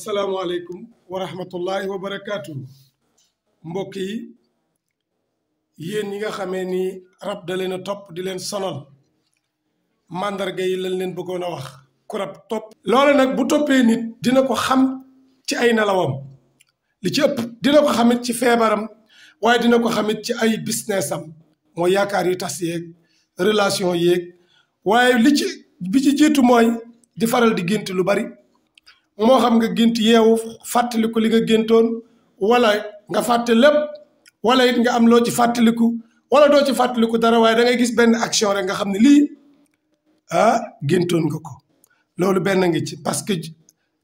asalaamualeykum wa rahmatullahi wa barakaatu. mbokk yi yéen ñi nga xamee ni rab da leen a topp di leen sonal màndarga yi lañ leen bëggoon a wax ku rab topp loolu nag bu toppee nit dina ko xam ci ay nelawam li ci ëpp dina ko xamit ci feebaram waaye dina ko xamit ci ay business am mooy yaakaar yu tas yeeg relation yeeg waaye li ci bi ci jiitu mooy di faral di gént lu bari moo xam nga gént yeewu fàttaliku li nga géntoon wala nga fàtte lépp wala it nga am loo ci fàttaliku wala doo ci fàttaliku dara waaye da ngay gis benn action rek nga xam ne lii ah nga ko loolu benn ngi ci parce que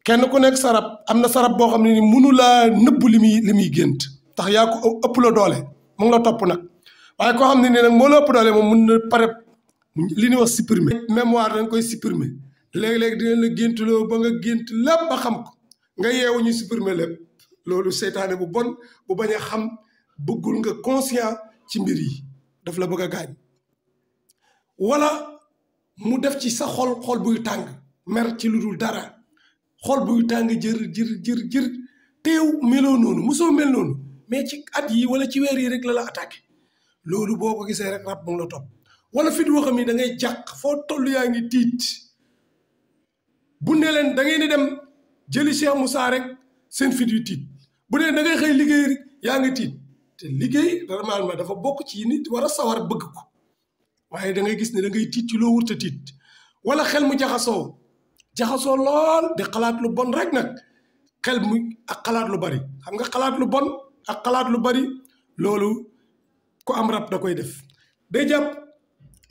kenn ku nekk sarab am na sarab boo xam ne ni mënu laa nëbb li muy li muy gént tax yaa ko ëpp loo doole mu ngi la topp nag waaye koo xam ne ni nag moo la ëpp doole moom mun na pare li ñuy wax supprimer mémoire nga koy supprimer léeg-léeg dina la géntuloo ba nga gént lépp xam ko nga yeewu ñu supprimer lépp loolu seytaane bu bon bu bañ a xam bëggul nga conscient ci mbir yi daf la bëgg a gaañ wala mu def ci sa xol xol buy tàng mer ci lu dul dara xol buy tàng jër jër jër jër teew meloo noonu mosoo mel noonu mais ci at yi wala ci weer yi rek la la attaqué loolu boo ko gisee rek rab mu la topp wala fit woo xam ni da ngay jàq foo toll yaa ngi tiit bu ne leen da di dem jëli Cheikh Moussa rek seen fit yu tiit bu ne da xëy liggéey yaa ngi tiit te liggéey normalement dafa bokk ci ni war a sawar bëgg ko waaye da ngay gis ni dangay ngay tiit ci loo wurta tiit wala xel mu jaxasoo jaxasoo lool di xalaat lu bon rek nag xel mu ak xalaat lu bari xam nga xalaat lu bon ak xalaat lu bari loolu ku am rab da koy def day jàpp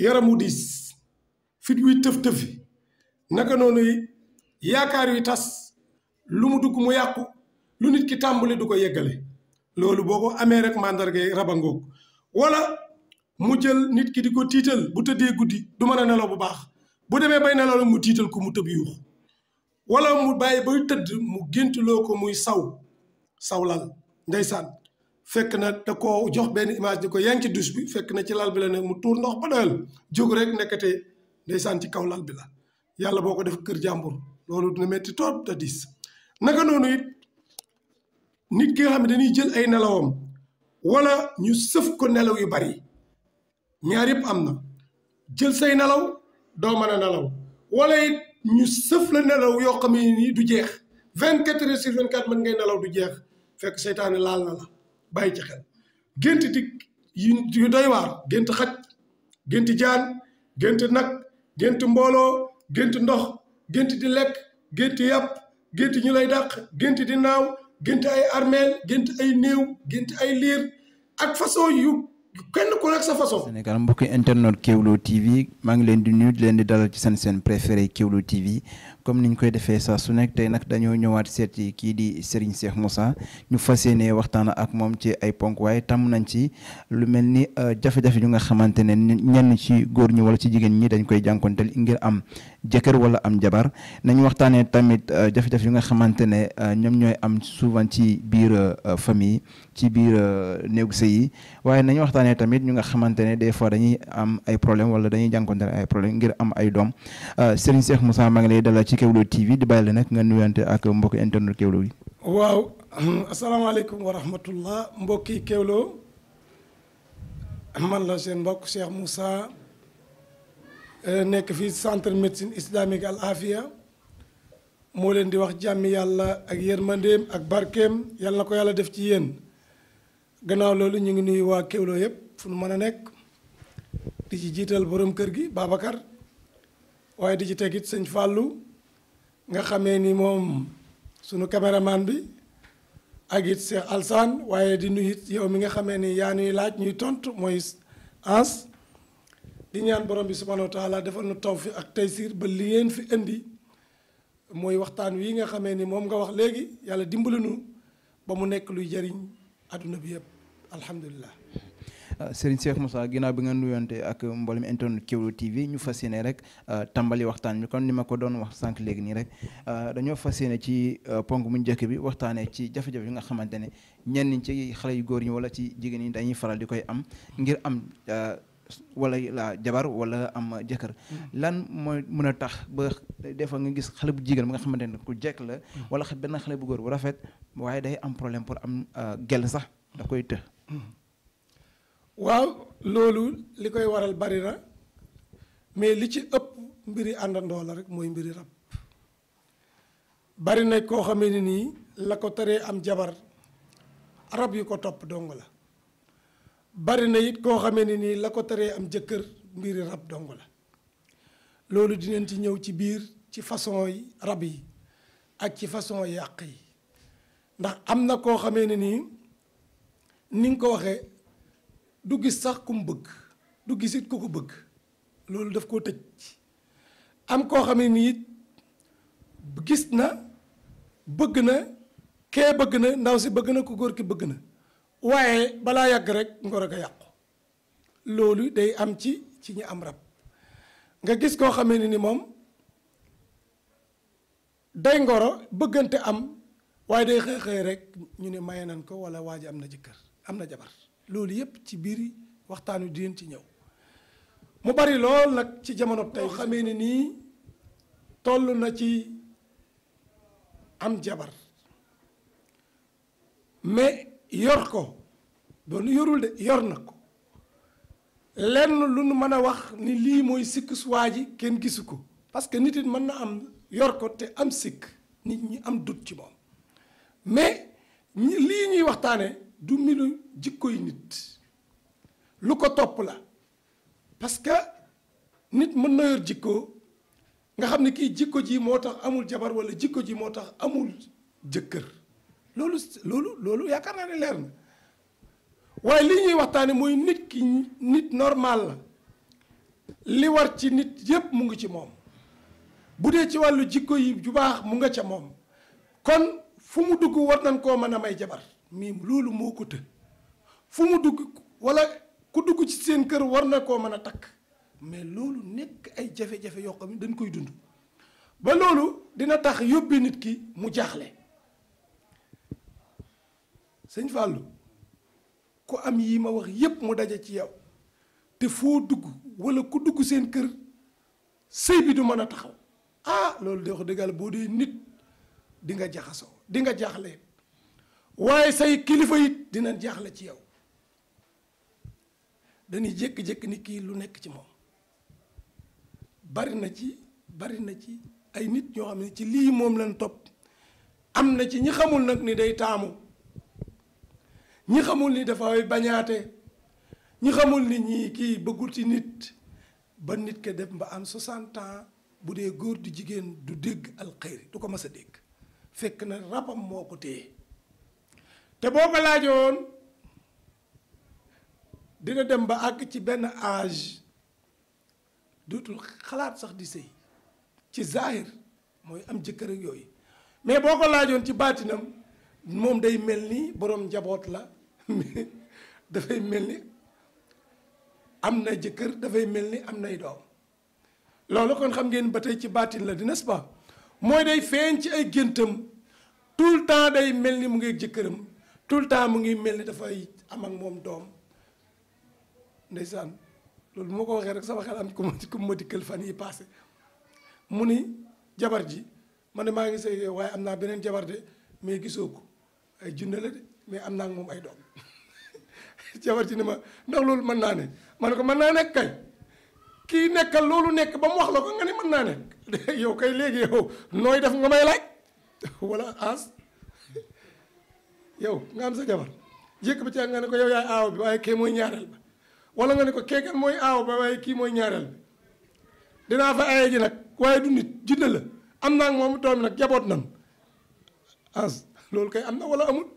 yaramu diis fit wuy tëf-tëfi naka noonu yaakaar yu tas lu mu dugg mu yàqu lu nit ki tàmbali du ko yeggale loolu boo ko amee rek mandargay rabangoog walla mu jël nit ki di ko tiital bu tëddee guddi du mën a nelaw bu baax bu demee bay nelaw mu tiital ko mu tëb wala mu bàyyi bay tëdd mu géntuloo muy saw sawlal ndeysaan fekk na da ko jox benn image ni ko yaa ngi ci bi fekk na ci lal bi la ne mu tuur ndox ba doyal jóg rek nekkate ndeysaan ci kaw lal bi la yàlla boo ko def kër jàmbur loolu dina métti trop te diis naka noonu it nit ki xam ne dañuy jël ay nelawam wala ñu sëf ko nelaw yu bari ñaar yëpp am na jël say nelaw doo mën a nelaw wala it ñu sëf la nelaw yoo xam ne nii du jeex vingt quatre heures sur vingt quatre mën ngay nelaw du jeex fekk seytaane laal na la bàyyi ci xel gént di yu doy waar gént xaj gént jaan gént nag gént mbooloo gént ndox gént di lekk gént yàpp gént ñu lay dàq gént di naaw gént ay armeel gént ay néew gént ay liir ak façon yu kenn ku nekk sa façon. Sénégal mbokki internet Kéwoulo TV maa ngi leen di nuyu di leen di dalal ci seen seen préféré Kéwoulo TV comme niñ koy defee saa su nekk tey nag dañoo ñëwaat seet kii di Serigne Cheikh Moussa ñu fas yéene waxtaan ak moom ci ay ponk waaye tàmm nañ ci lu mel ni euh, jafe-jafe ñu nga xamante ne ñenn ci góor ñi wala ci jigéen ñi dañ koy jànkonteel ngir am. jëkkër wala am jabar nañu waxtaanee tamit euh, jafe-jafe yu nga xamante ne euh, ñoom ñooy am souvent ci biir euh, famille ci biir néegu sëy yi waaye nañu waxtaanee tamit ñu nga xamante ne des fois dañuy am ay problème wala dañuy jànkonteel ay problème ngir am ay doom Serigne Cheikh Moussa maa ngi lay dalal ci Kéwoulo TV di bàyyi la nag nga nuyante ak mbokk internet Kéwoulo yi. waaw asalaamaaleykum wa rahmatullah mbokki Kéwoulo man la seen mbokk Cheikh Moussa. Euh, nekk fii centre médecine islamique al afia moo leen di wax jàmmi yàlla ak yërmandeem ak barkeem yàlla na ko yàlla def ci yéen gannaaw loolu ñu ngi nuyu waa Kéwoulo yëpp fu nu mën a nekk di ci jiital borom kër gi Babacar waaye di ci tegit sëñ Fallou nga xamee ni moom sunu caméraman bi ak it Cheikh Alsaan waaye di nuyu it yow mi nga xame ni yaa nuy laaj ñuy tontu mooy ans di ñaan borom bi subhanahu wa taala defal nu fi ak taysiir ba li ngeen fi indi mooy waxtaan wi nga xamee ni moom nga wax léegi yàlla dimbali nu ba mu nekk luy jariñ adduna bi yëpp alhamdulilah. Euh, Serigne Cheikh Moussa bi nga nuyonte ak mboolem internet Kéwoulo TV ñu fas yéene rek euh, tàmbali waxtaan bi kon ni ma ko doon wax sànq léegi nii rek euh, dañoo fas yéene ci ponk mu njëkk bi waxtaanee ci jafe-jafe yi nga xamante ne ñenn ñi ci xale yu góor ñi wala ci jigéen ñi dañuy faral di koy am ngir am. wala la jabar wala am jëkkër mm-hmm. lan mooy mën a tax ba des fois nga gis xale bu jigéen bi nga xamante ne ku jekk la mm-hmm. wala benn xale bu góor bu rafet waaye day am problème pour am euh, gel sax da koy të mm-hmm. waaw loolu li koy waral bari na mais li ci ëpp mbiri àndandoo la rek mooy mbiri rab bari na koo xamee nii la ko teree am jabar rab yu ko topp dong la bari na it koo xamee ne nii la ko teree am jëkkër mbiri rab dong la loolu dinañ ci ñëw ci biir ci façon yi rab yi ak ci façon yàq yi ndax am na koo xamee ne nii ni nga ko waxee du gis sax ku bëgg du gis it ku ko bëgg loolu daf koo tëj am koo xamee ni it gis na bëgg na kee bëgg na ndaw si bëgg na ku góor ki bëgg na waaye balaa yàgg rek ngoro ga yàqu loolu day am ci ci ñi am rab nga gis koo xamee ne ni moom day ngoro bëggante am waaye day xëy xëy rek ñu ne maye nañ ko wala waaj ji am na jëkkër am na jabar loolu yépp ci biir waxtaanu diin ci ñëw mu bari lool nag ci jamono tey xamee ne nii toll na ci am jabar mais yor ko doonu yorul de yor na ko lenn lu nu mën a wax ni lii mooy sikk suwaa ji kenn gisu ko parce que nit it mën na am yor ko te am sikk nit ñi am dut ci moom mais lii ñuy waxtaane du mbiru jikko lu ko topp la parce que nit mën na yor jikko nga xam ne kii jikko ji moo tax amul jabar walla jikko ji moo tax amul jëkkër loolu loolu loolu yaakaar naa ne leer na waaye li ñuy waxtaane mooy nit ki nit normal la li war ci nit yépp mu ngi ci moom bu dee ci wàllu jikko yi ju baax mu nga ca moom kon fu mu dugg war nañ koo mën a may jabar mii loolu moo ko të fu mu dugg walla ku dugg ci seen kër war na koo mën a takk mais loolu nekk ay jafe-jafe yoo xam dañ koy dund ba loolu dina tax yóbbi nit ki mu jaaxle sëñ Fallou ku am yii ma wax yépp mu daje ci yow te foo dugg wala ku dugg seen kër sëy bi du mën a taxaw ah loolu de wax boo dee nit dinga jaxasoo dinga jaxle waaye say kilifa it dina jaaxle ci yow dañuy jékki-jékki ni kii lu nekk ci moom barina ci bari na ci ay nit ñoo xam ne ci lii moom lañ topp am na ci ñi xamul nag ni day taamu. ñi xamul ni dafay bañaate ñi xamul ni ñii kii bëggul ci nit ba nit ka dem ba am 60 ans bu dee góor di jigéen du dégg alxayri du ko mas a dégg fekk na rabam moo ko téye te boo ko laajoon dina dem ba àgg ci benn âge dootul xalaat sax di sëy ci zahir mooy am jëkkër ak yooyu mais boo ko laajoon ci baatinam moom day mel ni boroom njaboot la mais dafay mel ni am na jëkkër dafay mel ni am na nay doom loolu kon xam ngeen ba tey ci baatin la di n'est-ce pas mooy day feeñ ci ay géntam tout le temps day mel ni mu ngi jëkkëram tout le temps mu ngi mel ni dafay am ak moom doom ndeysaan loolu moo ko waxee rek sama xel am ku ma ma dikkal fan yi passé mu ni jabar ji ma ne maa ngi sëy waaye am naa beneen jabar de mais gisoo ko ay junne la de mais am naa ak moom ay doom jabar ji ne ma ndax loolu mën naa ne ma ne ko mën naa nekk kay kii nekkal loolu nekk ba mu wax la ko nga ne mën naa nekk yow kay léegi yow def nga may laaj as yow nga sa jabar jékk ba ca nga ne ko yow yaay aaw bi waaye kii mooy ñaareel wala nga ne ko keekan mooy aaw kii mooy ñaareel dinaa fa ji nag waaye du nit jinne la am naa moom doom nag jaboot nan as loolu kay am na wala amul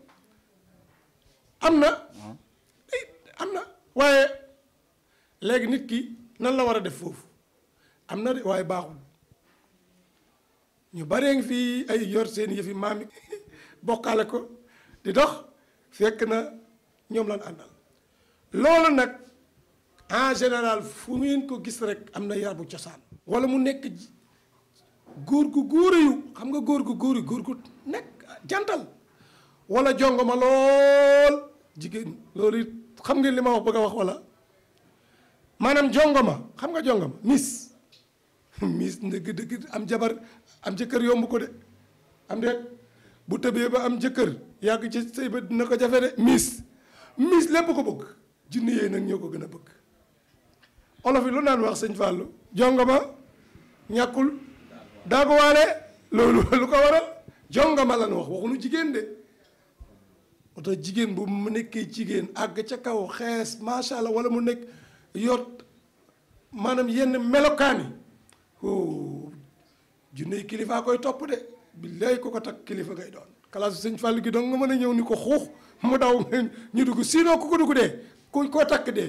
am na ah. am na waaye léegi nit ki nan la war a def foofu am na de waaye baaxul ñu baree ngi fi ay yor seen yëfi maam yi bokkaale ko di dox fekk na ñoom lan àndal loolu nag en général fu ngeen ko gis rek am na yarabu cosaan wala mu nekk góor gu góor yu xam nga góor gu góor yu gu nekk jantal wala jongoma lool jigéen loolu it xam nga li ma wax bëgg a wax wala maanaam jongoma xam nga jongoma miis miis ndëgg dëgg am jabar am jëkkër yomb ko de am de bu tëbee ba am jëkkër yàgg ci sëy dina ko jafe de miss miss lépp ko bëgg junni yooyu nag ñëw ko gën a bëgg olof yi lu naan wax sëñ fàllu jongoma ñàkkul daa ko waale loolu lu ko waral jongoma lan wax waxuñu jigéen de moo jigéen bu mu nekkee jigéen àgg ca kaw xees macha allah wala mu nekk yor maanaam yenn melokaan yi oh junne kilifaa koy topp de billaay ko ko takk kilifa ngay doon. kalaasu sëñ Fallou gi donc nga mën a ñëw ni ko xuux mu daw ñu dugg sinon ku ko dugg de ku koo takk de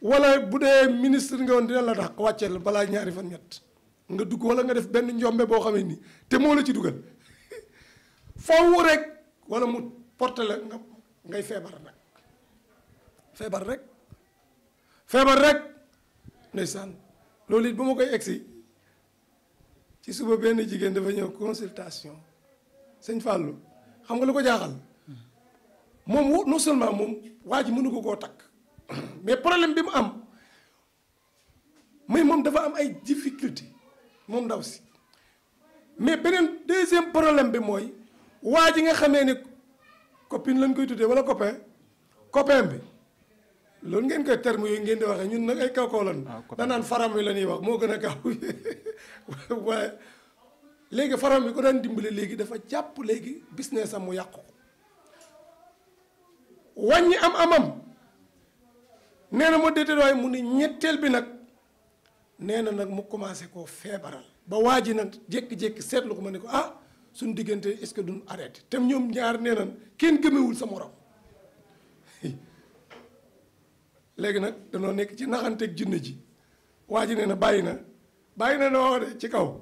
wala bu dee ministre nga woon dina la dàq wàccee la balaa ñaari fan ñett nga dugg wala nga def benn njombe boo xamee nii te moo la ci dugal faw rek wala mu. porte la nga ngay feebar nag feebar rek feebar rek ndeysaan loolu it bu ma koy egsi ci suba benn jigéen dafa ñëw consultation sëñ Fallou xam nga lu ko jaaxal moom non seulement moom waa ji mënu ko koo takk mais problème bi mu am mais moom dafa am ay difficulté moom ndaw si mais beneen deuxième problème bi mooy waa ji nga xamee ne copine lañ koy tuddee wala copain copain bi loolu ngeen koy terme yooyu ngeen di waxee ñun nag ay kaw kaw lan ah, danaan faram wi la ñuy wax moo gën a gaaw waaye léegi faram bi ko daan dimbale léegi dafa jàpp léegi business am mu yàqu ko wàññi am amam nee na moo déedéet waaye mu ni ñetteel bi nag nee na nag mu commencé koo feebaral ba waa ji nag jékki-jékki seetlu ko ma ne ko ah suñu diggante est-ce que duñ arrêté te ñoom ñaar nee nañ kenn gëmewul sa morom léegi nag danoo nekk ci naxanteeg jinne ji waa ji nee na bàyyi na bàyyi na noo de ci kaw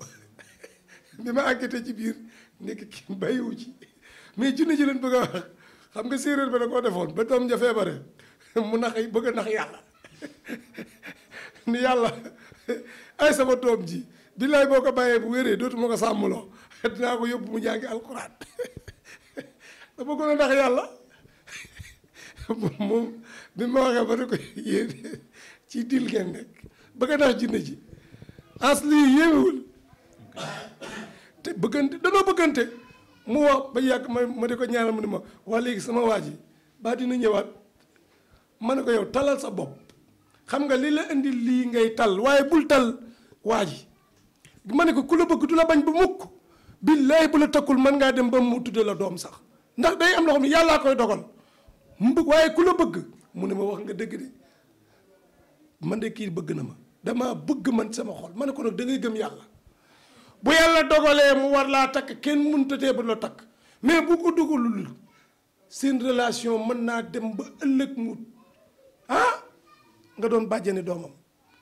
bi ma enquêté ci biir nekk kenn bàyyiwu ci mais jinne ji leen bëgg a xam nga séeréer ba da koo defoon ba doom ja feebare mu nax bëgg a nax yàlla ni yàlla ay sama doom ji billaay boo ko bàyyee bu wéree dootu ma ko sàmmloo dinaa ko yóbbu mu jàngi alxuraan da bëggoon a ndax yàlla moom bi ma waxee ba ne ko yéen ci dil ngeen nekk bëgg a ndax jinne ji as lii yéemewul te bëggante danoo bëggante mu wax ba yàgg ma ma di ko ñaanal mu ma wax léegi sama waa ji ba dina ñëwaat ma ne ko yow talal sa bopp xam nga li la indi lii ngay tal waaye bul tal waa ji ma ne ko ku la bëgg du la bañ bu mukk billaay bu la tëkkul man ngaa dem ba mu tudde la doom sax ndax day am loo xam yàllaa koy dogal mu bëgg waaye ku la bëgg mu ne ma wax nga dëgg de man de kii bëgg na ma dama bëgg man sama xol ma ne ko nag da ngay gëm yàlla bu yàlla dogalee mu war laa takk kenn mënut a tee la takk mais bu ko dugalul seen relation mën naa dem ba ëllëg mu ah nga doon ne doomam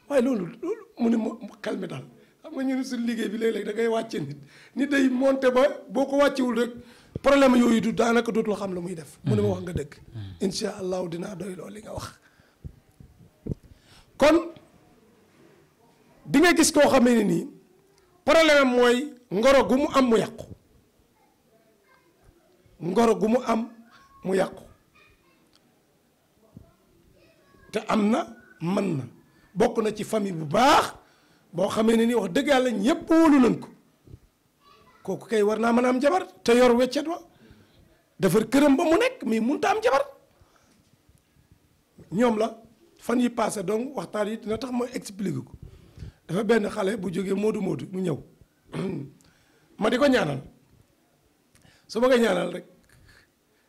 waaye loolu loolu mu ne mu xel mi daal xam nga ñun suñu liggéey bi léeg-léeg da ngay wàcce nit nit day monté ba boo ko wàccewul rek problème yooyu du daanaka dootul xam la muy def. mu ne ma wax nga dëgg. Mm-hmm. incha allahu dinaa doy loolu li nga wax. kon di nga gis koo xamee nii problème mooy ngoro gu mu am mu yàqu ngoro gu mu am mu yàqu te am na mën na bokk na ci famille bu baax. boo xamee ne ni wax dëgg yàlla ñëpp wóolu nañ ko kooku kay war naa mën a am jabar te yor weccet wa defar këram ba mu nekk mais munta am jabar ñoom la fan yi passé donc waxtaan yi dina tax ma expliquer ko dafa benn xale bu jógee moodu moodu mu ñëw ma di ko ñaanal su ma ko ñaanal rek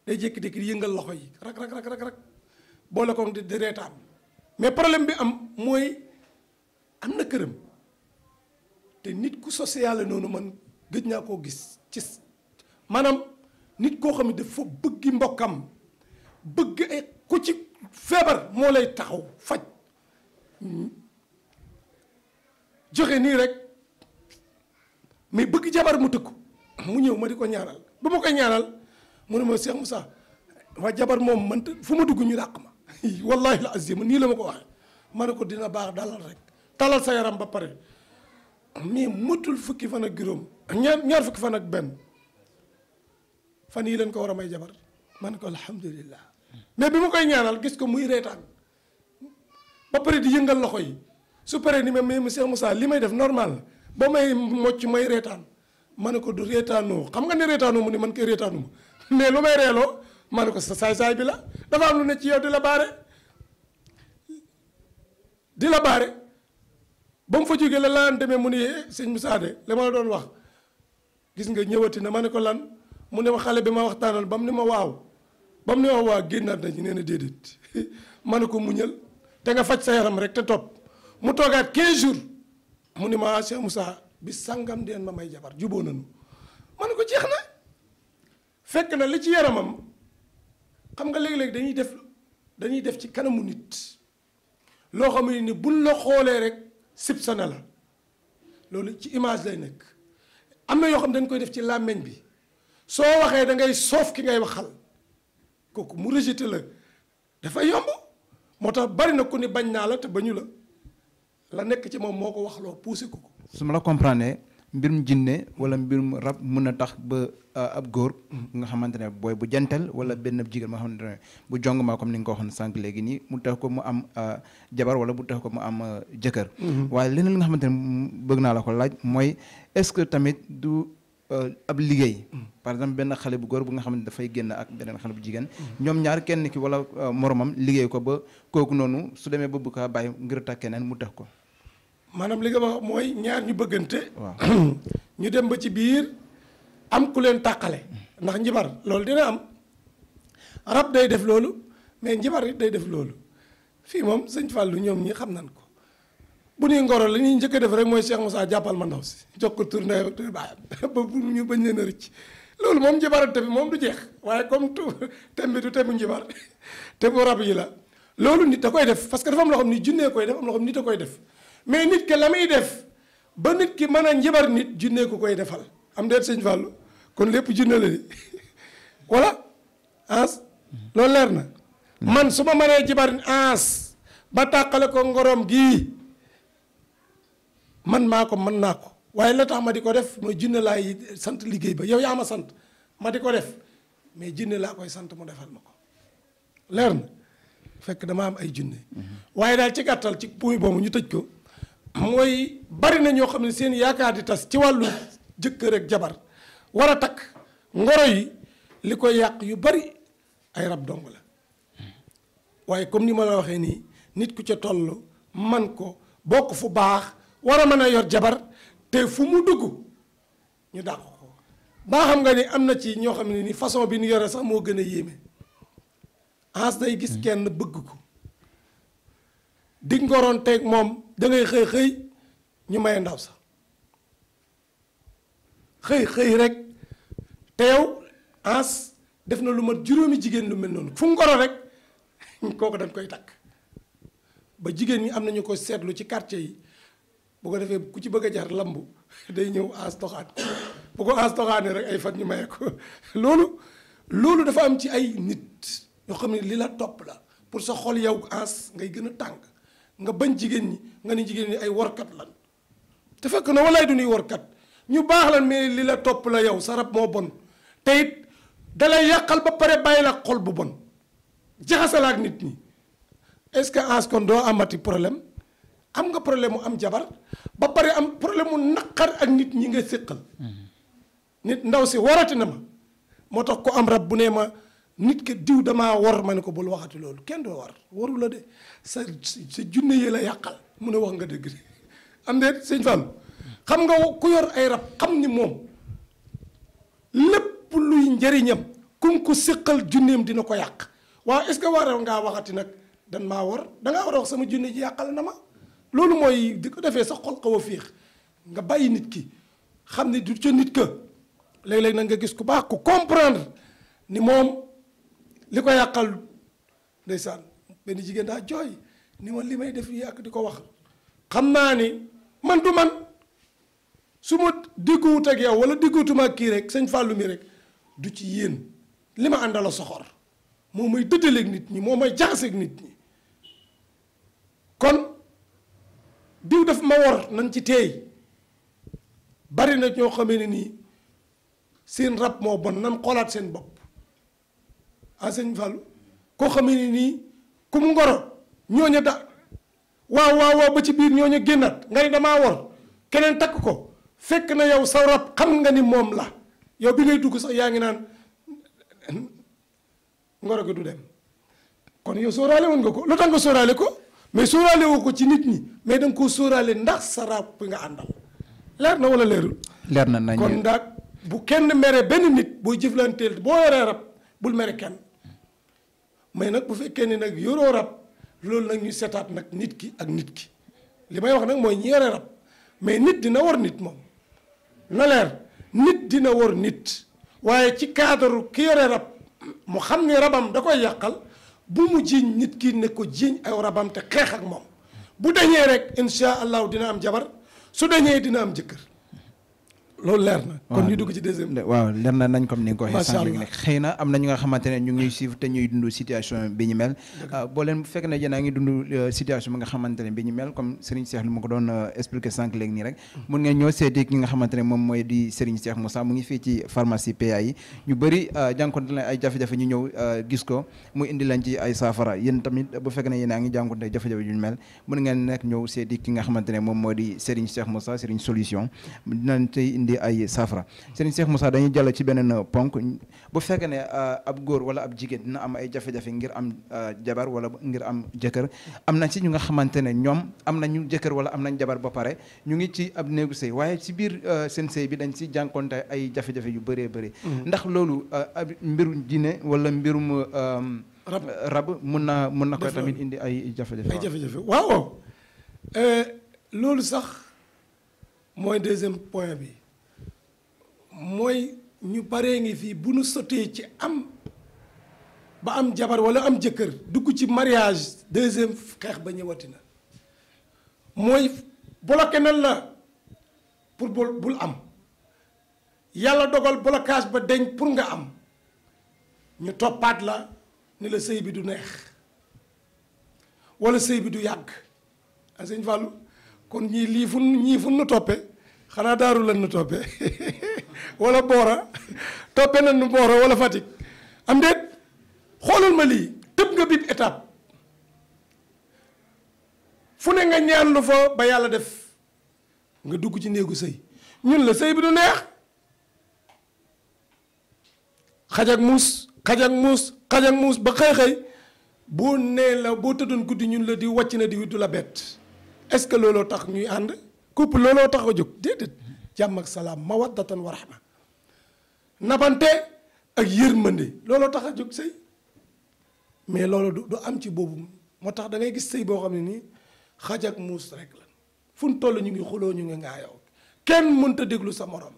day jékki-jékki di yëngal loxo yi rak rak rak rak boole ko di di reetaan mais problème bi am mooy am na këram te nit ku social noonu man gëj naa koo gis ci maanaam nit koo xam ne dafa bëgg mbokkam bëgg e, ko ci feebar moo lay taxaw faj joxe nii rek mais bëgg jabar mu tëkku mu ñëw ma di ko ñaanal bu ma koy ñaanal mu ne ma Cheikh Moussa waa jabar moom man fu ma dugg ñu ràq ma wallahi la azim nii la ma ko waxee ma ne ko dina baax dalal rek talal sa yaram ba pare mais motul fukki fan ak juróom ñaar ñaar fukki fan ak benn fan yii leen ko war a may jabar man ko alhamdulillah mais bi ma koy ñaanal gis ko muy reetaan ba pare di yëngal loxo yi su paree ni ma mais monsieur Moussa li may def normal ba may mocc may reetaan ma ne ko du reetaanoo xam nga ne reetaanoo mu ne man koy reetaanu ma mais lu may reeloo ma ne ko sa saay-saay bi la dafa am lu ne ci yow di la baare di la baare ba mu fa jógee la laan demee mu ne eh, sëñ Moussa de li ma la doon wax gis nga ñëwati na ma ne ko lan mu ne ma xale bi ma waxtaanal ba mu ne ma waaw ba mu ne ma waaw génnaat nañu nee na déedéet ma ne ko muñal te nga faj sa yaram rek te topp mu toogaat 15 jours mu ne ma sëñ ah, Moussa bi sangam deen ma may jabar juboo nañu ma ne ko jeex na fekk na li ci yaramam xam nga léeg-léeg dañuy def dañuy def ci kanamu nit loo xam ne ni buñ la xoolee rek. sib la loolu ci image lay nekk am na yoo xam dañ koy def ci làmmiñ bi soo waxee da ngay soof ki ngay waxal kooku mu rejeté la dafa yomb moo tax bari na ku ni bañ naa la te bañu la la nekk ci moom moo ko waxloo poussé ko ko. su ma la comprendre mbir mbirum jinne wala mbirum rab mën a tax ba euh, ab góor nga xamante ne booy bu jantal wala benn jigéen nga xamante ne bu jong maa comme ni nga ko waxoon sànq léegi nii mu tax ko mu am euh, jabar wala bu tax ko mu am euh, jëkkër mm-hmm. waaye leneen nga xamante ne bëgg naa la ko laaj mooy est-ce que tamit du ab liggéey mm-hmm. par exemple benn xale bu góor bu nga xamante dafay génn ak beneen xale bu jigéen mm-hmm. ñoom ñaar kenn ki wala moromam liggéey ko ba kooku noonu su demee ba bu kaa bàyyi ngir takk keneen mu tax ko maanaam li nga mooy ñaar ñu bëggante. ñu dem ba ci biir am ku leen tàqale ndax njibar loolu dina am rab day def loolu mais njibar it day def loolu fii moom sëñ Fallou ñoom ñi xam nañ ko bu ñuy ngoro la ñuy njëkk def rek mooy Cheikh Moussa jàppal ma ndaw si jox ko tourné ba bu ñu bañ leen a rëcc loolu moom njibarante bi moom du jeex waaye comme thème bi du thème bu njibar te bu rab yi la loolu nit da koy def dafa am loo xam ni junnee koy def am loo xam nit koy def. mais nit ki la muy def ba nit ki mën a njabar nit junne ku koy defal am deet sëñ Fallou kon lépp jinne la di voilà ans loolu leer na man su ma mënee jabar ans ba tàqale ko ngorom gi man maa ko mën naa ko waaye la tax ma di ko def mooy jinne laay sant liggéey ba yow yaa ma sant ma di ko def mais jinne laa koy sant mu defal ma ko leer na fekk dama am ay jinne mhm. waaye daal ci gàttal ci puy boobu ñu tëj ko mooy bari na ñoo xam ne seen yaakaar di tas ci wàllu jëkkër ak jabar war a takk ngoro yi li koy yàq yu bari ay rab dong la waaye comme ni ma la waxee nii nit ku ca toll man ko bokk fu baax war a mën a yor jabar te fu mu dugg ñu dàq ko baa xam nga ni am na ci ñoo xam ne nii façon bi ñu yore sax moo gën a yéeme as day gis kenn bëgg ko di ngoroon teeg moom dangay ngay xëy xëy ñu maye ndaw sax xëy xëy rek te yow as def na lu mat juróomi jigéen lu mel noonu fu ngoro rek kooku dañ koy takk ba jigéen ñi am nañu ko seetlu ci quartier yi bu ko defee ku ci bëgg a jar lamb day ñëw as toxaan bu ko as toxaanee rek ay fan ñu maye ko loolu loolu dafa am ci ay nit ñoo xam ne li la topp la pour sa xol yow as ngay gën a tàng nga bañ jigéen ñi nga ni jigéen ñi ay workat lan te fekk na walaay du ñuy workat ñu baax lan mais li la topp la yow sa rab moo bon te it dalay yàqal ba pare bàyyi la xol bu bon jaxasala ak nit ñi est-ce que as kon doo amati problème am nga problème mu am jabar ba pare am problème mu naqar ak nit ñi nga séqal mm-hmm. nit ndaw si warati na ma moo tax ko am rab bu nee ma nit ke diw damaa war ma ne ko bul waxati loolu kenn doo war waru la de sa sa junne yi la yàqal mu ne wax nga dëgg am de sëñ Fam xam nga ku yor ay rab xam ni moom lépp luy njariñam kum ko séqal junneem dina ko yàq waaw est-ce que war ngaa waxati nag dan maa war dangaa war a wax sama junne ji yàqal na ma loolu mooy di ko defee sa xol xaw a fiix nga bàyyi nit ki xam ne du ca nit ka léeg-léeg nag nga gis ku baax ku comprendre ni moom li ko yàqal ndeysaan benn jigéen daa jooy ni ma li may def yàq di ko wax xam naa ni man du man su ma digguwut ak yow wala digguwutuma kii rek sëñ Fallou mi rek du ci yéen li ma àndal a soxor moom may dëddaleeg nit ñi moo may jaxaseeg nit ñi kon diw daf ma wor nañ ci teey bari na ñoo xamee ni nii seen rab moo bon nan xoolaat seen bopp ah sëñ Fallou koo xamee ne nii ku mu ngoro ñooña da waaw waaw waaw ba ci biir ñooña génnaat nga ni damaa wor keneen takk ko fekk na yow sa rab xam nga ni moom la yow bi ngay dugg sax yaa ngi naan ngoro gi du dem kon yow sóoraale woon nga ko lu tax nga sóoraale ko mais sóoraale ko ci nit ñi mais da koo sóoraale ndax sa rab bi nga àndal leer na wala leerul. leer na nañ kon ndaag bu kenn mere benn nit booy jëflanteel boo yoree rab bul mere kenn. mais nag bu fekkee ni nag yoroo rab loolu nag ñu seetaat nag nit ki ak nit ki li may wax nag mooy ñi yore rab mais nit dina war nit moom na leer nit dina war nit waaye ci cadre ki yore rab mu xam ne rabam da koy yàqal bu mu jiiñ nit ki nekk ko jiiñ ay rabam te xeex ak moom bu dañee rek incha allahu dina am jabar su dañee dina am jëkkër loolu leer na kon ñu dugg ci deuxième nañ comme ni ko waxee na am na ñu nga xamante ne ñu ngi suivre te ñuy dund situation bi ñu mel ah, boo leen fekk na yéen a ngi dund euh, situation bi nga xamante ne bi ñu mel comme Serigne Cheikh ko doon euh, expliquer sànq léegi nii rek mm. mun ngeen ñoo seeti ki nga xamante ne moom mooy di Serigne Cheikh Moussa mu ngi fii ci pharmacie PA yi ñu bari euh, jànkonte na ay jafe-jafe ñu ñëw gis ko mu indi lañ ci ay saafara yéen tamit bu fekk ne yéen a ngi jànkonte jafe-jafe yu ñu mel mun ngeen nekk ñëw seeti ki nga xamante ne moom mooy di Serigne Cheikh Moussa Serigne solution dinañ tey indi ay saafara Serigne Cheikh Moussa dañuy jàll ci beneen euh, ponk bu fekkee ne euh, ab góor wala ab jigéen dina am ay jafe-jafe ngir am euh, jabar wala ngir am jëkkër am na ci ñu nga xamante ne ñoom am nañu jëkkër wala am nañ jabar ba pare ñu ngi ci ab néegu sëy waaye ci biir seen sëy bi dañ si jànkonte ay jafe yu bëree bëri mm-hmm. ndax loolu ab mbirum diine wala mbirum rab rab mun naa mun na ko tamit indi ay jafe-jafe ay jafe waaw loolu sax mooy deuxième point bi mooy ñu baree ngi fii bu nu sotee ci am ba am jabar walla am jëkkër dugg ci mariage deuxième xeex ba ñëwati na mooy bloqué na la pour bul am yàlla dogal blocage ba deñ pour nga am ñu toppaat la ni la sëy bi du neex walla sëy bi du yàgg a sëñ Fallou kon ñii lii fu ñii fu nu toppe xanaa daaru la nu toppee walla Boora toppe toppee nañu Boora wala Fatick am déet xoolul ma lii tëb nga bib étape fu ne nga ñaan lu fa ba yàlla def nga dugg ci néegu sëy ñun la sëy bi du neex xaj ak muus xaj ak muus xaj muus ba xëy-xëy boo nee la boo tëddoon guddi ñun la di wàcc na di du la bett est-ce que looloo tax ñuy ànd couple looloo tax a jóg déedéet jàmm ak salaam mawaddatan wa rahma nabante ak yërmande looloo tax a jóg sëy mais loolu du am ci boobu moo tax da ngay gis sëy boo xam ne nii xaj ak muus rek la fu mu toll ñu ngi xuloo ñu ngi ngaayoo kenn mënta déglu sa morom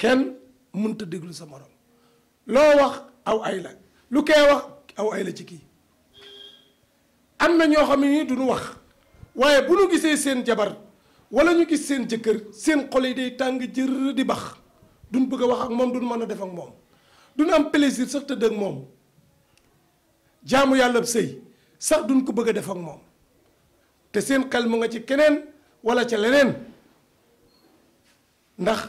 kenn mënta déglu sa moroom loo wax aw ay lu kee wax aw ay ci kii am na ñoo xam ne nii duñu wax waaye bu nu gisee seen jabar wala ñu gis seen jëkkër seen xol yi day tàng jër di bax duñ bëgg a wax ak moom duñ mën a def ak moom duñ am plaisir sax tëdd ak moom jaamu sax duñ ko bëgg a def ak moom te seen xel mu nga ci keneen wala ca leneen ndax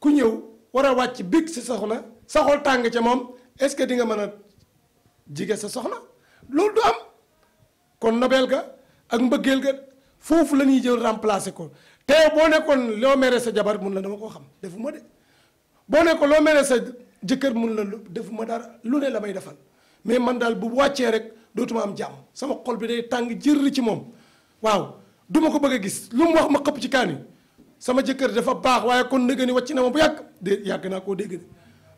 ku ñëw war a wàcc big si soxna sa tàng ca moom est-ce que di nga mën a jige sa soxna loolu du am kon nobel ga ak mbëggeel ga foofu la ñuy jël remplacer ko te boo nekkoon loo mere sa jabar mun la dama koo xam defu ma de boo nekkoon loo mere sa jëkkër mun la ma dara lu ne la may defal mais man daal bu wàccee rek dootuma am jàmm sama xol bi day tàng jër ci moom waaw duma ko bëgg a gis lu mu wax ma xëpp ci kaani sama jëkkër dafa baax waaye kon nëgëni wàcc na ma bu yàgg de yàgg naa koo dégg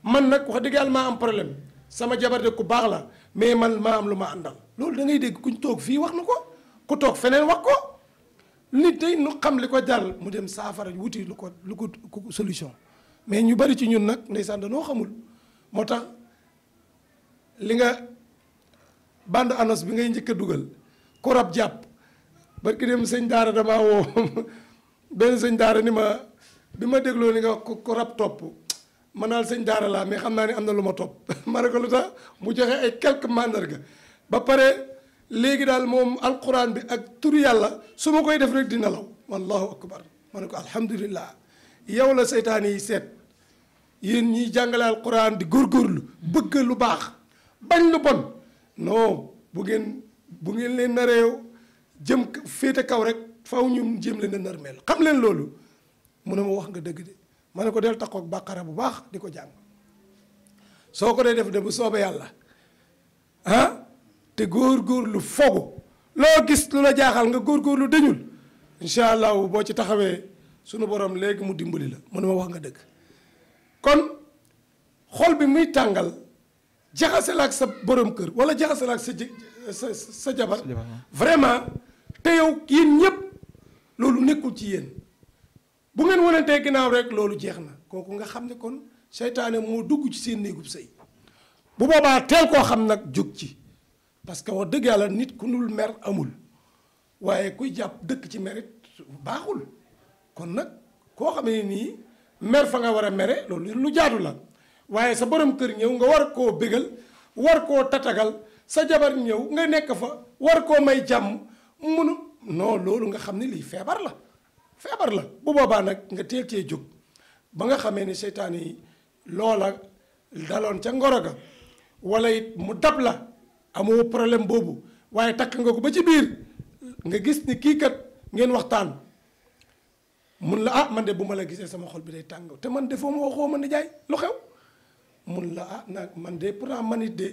man nag wax dëgg yàlla maa am problème sama jabar de ku baax la mais man maa lu ma àndal loolu da ngay dégg kuñ toog fii wax na ko ku toog feneen wax ko nit day nu xam li ko jaral mu dem saafara wuti lu ko lu ko solution mais ñu bari ci ñun nag ndeysaan danoo xamul moo tax li nga bande annonce bi ngay njëkk dugal ku rab jàpp barki dem sëñ daara damaa woo benn sëñ daara ni ma bi ma dégloo li nga wax ku rab topp man daal sëñ daara laa mais xam naa ne am na lu ma topp ma ne ko lu tax mu joxe ay quelques mandarga ba pare léegi daal moom alxuraan bi ak tur yàlla su ma koy def rek dina law wallahu akbar ma ko alhamdulillah yow la seytaane yi seet yéen ñiy jàngale alquran di góorgóorlu bëgg lu baax bañ lu bon non bu ngeen bu ngeen leen nareew jëm féete kaw rek faw ñu jëm leen a narmeel xam leen loolu mu ne ma wax nga dëgg de ma ne ko del taxaw ak bàqara bu baax di ko jàng soo ko dee def de bu soobee yàlla ah? te góor góor lu fogu loo gis lu la jaaxal nga góorgóorlu dañul incha allahu boo ci taxawee sunu borom léegi mu dimbali la mu ne ma wax nga dëkk kon xol bi muy tàngal jaxase ak sa borom kër wala jaxase la ak sa sa sa jabar vraiment te yow yéen ñëpp loolu nekkul ci yéen bu ngeen wanantee ginnaaw rek loolu jeex na kooku nga xam ne kon seytaane moo dugg ci seen néegub sëy bu boobaa teel koo xam nag jóg ci parce que wax dëgg yàlla nit ku dul mer amul waaye kuy jàpp dëkk ci mer it baaxul kon nag koo xam ne nii mer fa nga war a mere loolu lu jaatu la waaye sa borom kër ñëw nga war koo bégal war koo tatagal sa jabar ñëw nga nekk fa war koo may jàmm munu non loolu nga xam ni lii feebar la feebar la bu boobaa nag nga teel cee jóg ba nga xamee ni seytaan yi loola daloon ca ngoro ga walla it mu dab la amoo problème boobu waaye takk nga ko ba ci biir nga gis ni kii kat ngeen waxtaan mun la ah man de bu ma la gisee sama xol bi day tàng te man defoo ma waxoo man ne jaay loxew xew mun la ah nag man de pourtant man it de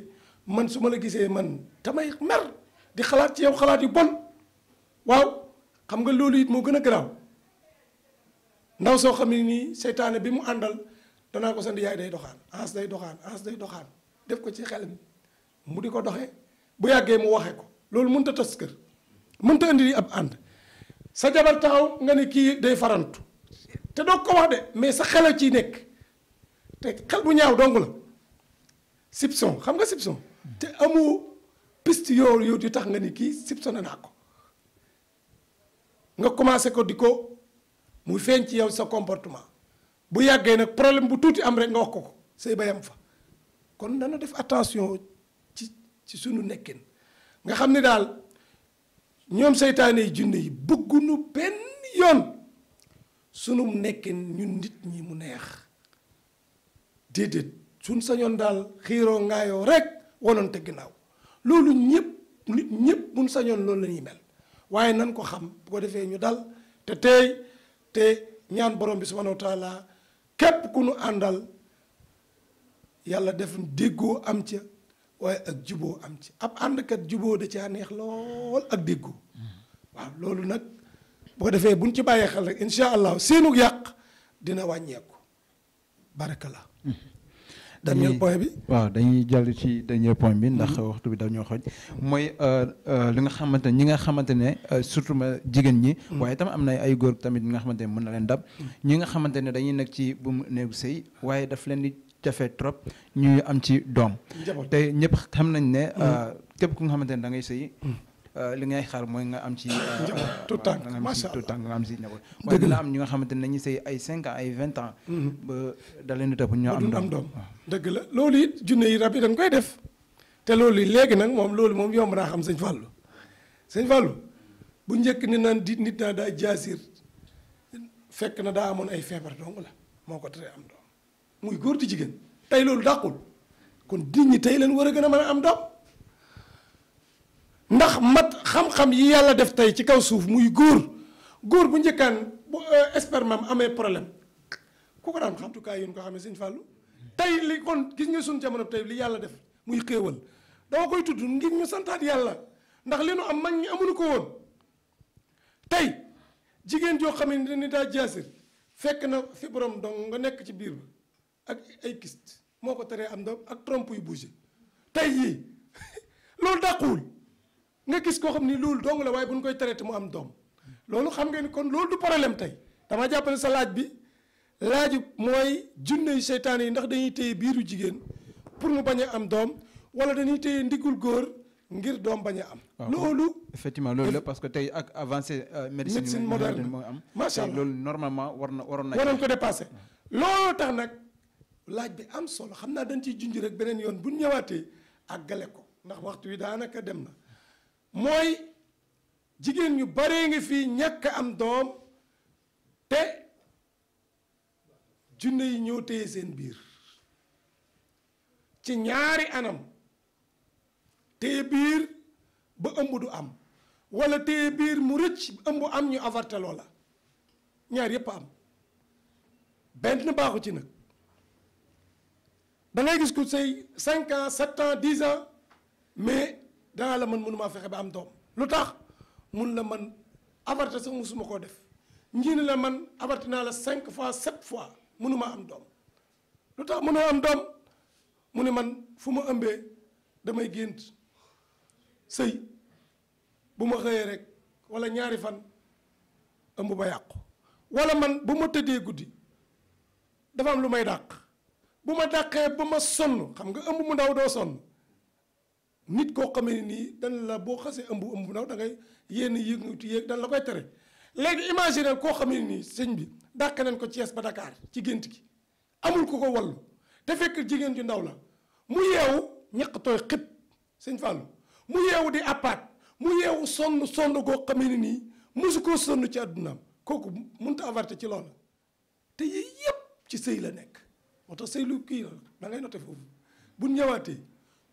man su ma la gisee man damay mer di xalaat ci yow xalaat yu bon waaw xam nga loolu it moo gën a garaaw ndaw soo xam ne nii seytaane bi mu àndal danaa ko sant yaay day doxaan ans day doxaan ans day doxaan def ko ci xel mu di ko doxe bu yàggee mu waxee ko loolu mënut a tas kër mënut a indi ab ànd sa jabar taxaw nga ne kii day farantu te doog ko wax de mais sa xel a ciy nekk te xel bu ñaaw dong la sipson xam nga sipson te amu piste yoo yow di tax nga ni kii sipsone naa ko nga commencé ko di ko mu feeñ ci yow sa comportement bu yàggee nag problème bu tuuti am rek nga wax ko ko say bayam fa kon dana def attention ci suñu nekkin nga xam ne daal ñoom seytaane yi junne yi bëgguñu benn yoon sunu nekkin ñu nit ñi mu neex déedéet suñ sañoon daal xiiroo ngaayoo rek wanoon te ginnaaw loolu ñëpp nit ñëpp buñ sañoon loolu lañuy ñuy mel waaye nan ko xam bu ko defee ñu dal te tey te ñaan borom bi subhanahu wa taala képp ku nu àndal yàlla def déggoo am ca waaye ak juboo am ci ab àndkat juboo de caa neex lool ak déggoo waaw loolu nag boo defee buñ ci bàyyee xel rek incha allah seenug yàq dina wàññeeku baraka la dernier bi waaw dañuy jàll ci dernier point bi ndax mhm. waxtu bi dañoo xoj mooy euh, euh, li nga xamante ne ñi nga xamante ne euh, surtout ma jigéen ñi mhm. waaye tam am na ay góor tamit ñi nga xamante ne mën na leen dab mhm. ñi nga xamante ne dañuy nekk ci bu néegu sëy waaye daf leen di jafe trop ñuy am ci doom te ñëpp xam nañ ne mm. euh, képp ku nga xamante ne da ngay sëyi mm. euh, li ngay xaar mooy nga am ci euh, tout temps nga am ci tout temps nga am ci njaboot waaye dina am ñi nga xamante ne nañu sëy ay cinq ans ay vingt ans mm-hmm. ba da leen di topp ñu am doom doom dëgg la loolu it junne yi rab yi dañ koy def te loolu yi léegi nag moom loolu moom yomb naa xam sëñ Fallou sëñ Fallou bu njëkk ni naan di nit naa daa jaasir fekk na daa amoon ay feebar dong la muy góor di jigéen tey loolu dàqul kon nit ñi tey leen war a gën a mën a am doom ndax mat xam-xam yi yàlla def tey ci kaw suuf muy góor góor bu njëkkaan bu euh, sperme amee problème ku ko daan xam en tout cas yéen ko xamee sëñ Fallou hmm. tey li kon gis nga suñ suñu jamono tey li yàlla def muy xéewal dama koy tudd ngir ñu santaat yàlla ndax li nu am mag ñi amuñu ko woon tey jigéen joo xam ne ni daa jaasir fekk na fi borom dong nga nekk ci biir ba ak ay kyste moo ko teree am doom ak trompe yu bougé tey yii loolu dàquwul nga gis koo xam ni loolu dong la waaye bu ñu koy traité mu am doom loolu xam nga ni kon loolu du problème tey dama jàpp sa laaj bi laaju mooy junne yu seytaane yi ndax dañuy téye biiru jigéen pour mu bañ am doom wala dañuy téye ndigul góor ngir doom bañ a am. loolu effectivement loolu la parce que tey ak avancée euh, médecine moderne moo am macha loolu normalement war na waroon na waroon ko dépassé laaj bi am solo xam naa dañ ciy junj rek beneen yoon bu ñëwaatee àggale ko ndax waxtu wi daanaka dem na mooy jigéen ñu baree ngi fii ñàkk am doom te junne yi ñoo téye seen biir ci ñaari anam téye biir ba ëmb du am wala téye biir mu rëcc ëmb am ñu avorté la ñaar yépp am benn baaxu ci nag da ngay gis ku sëy 5 ans 7 ans 10 ans mais danaa la man mënumaa fexe ba am doom lu tax mun la man avorté sax suma koo def njii la man avorté naa la cinq fois 7 fois mënuma am doom lu tax mënoo am doom mu ne man fu mu ëmbee damay gént sëy bu ma xëyee rek walla ñaari fan ëmb ba yàqu walla man bu ma tëddee guddi dafa am lu may dàq bu ma dàqee ba ma sonn xam nga ëmb mu ndaw doo sonn nit koo xamee nii dan la boo xasee ëmb ëmb mu ndaw da ngay yénn yëngatu yéeg dan koy tere léegi imaginer koo xamee nii sëñ bi dàq nañ ko Thiès ba Dakar ci gént gi amul ko ko wallu te fekk jigéen ju ndaw la mu yeewu ñaq tooy xib sëñ Fallou mu yeewu di appaat mu yeewu sonn sonn goo xamee ni nii mosu koo sonn ci àddunaam kooku mënut a ci loola te yii yëpp ci sëy la nekk moo tax lu kii la da ngay noté foofu bu ñëwaatee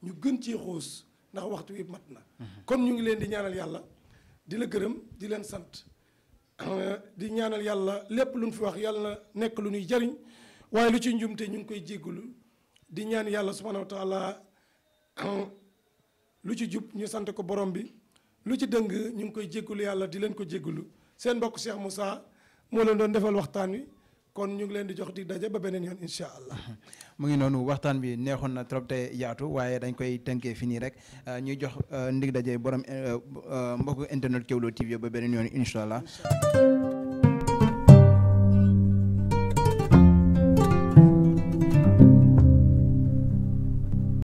ñu gën ci xuus ndax waxtu wi mat na. Mhm. kon ñu ngi leen di ñaanal yàlla di la gërëm di leen sant di ñaanal yàlla lépp lu ñu fi wax yàlla na nekk lu ñuy jariñ waaye lu ci njumte ñu ngi koy jéggalu di ñaan yàlla subhanahu wa taala lu ci jub ñu sant ko borom bi lu ci dëng ñu ngi koy jéggalu yàlla di leen ko jéggalu seen mbokk Cheikh Moussa moo leen doon defal waxtaan wi. kon ñu ngi leen di jox di daje ba beneen yoon incha allah. mu ngi noonu waxtaan bi neexoon na trop te yaatu waaye dañ koy tënkee fi nii rek euh, ñuy jox euh, ndig daje borom euh, mbokku internet Kéwoulo TV ba beneen yoon incha allah.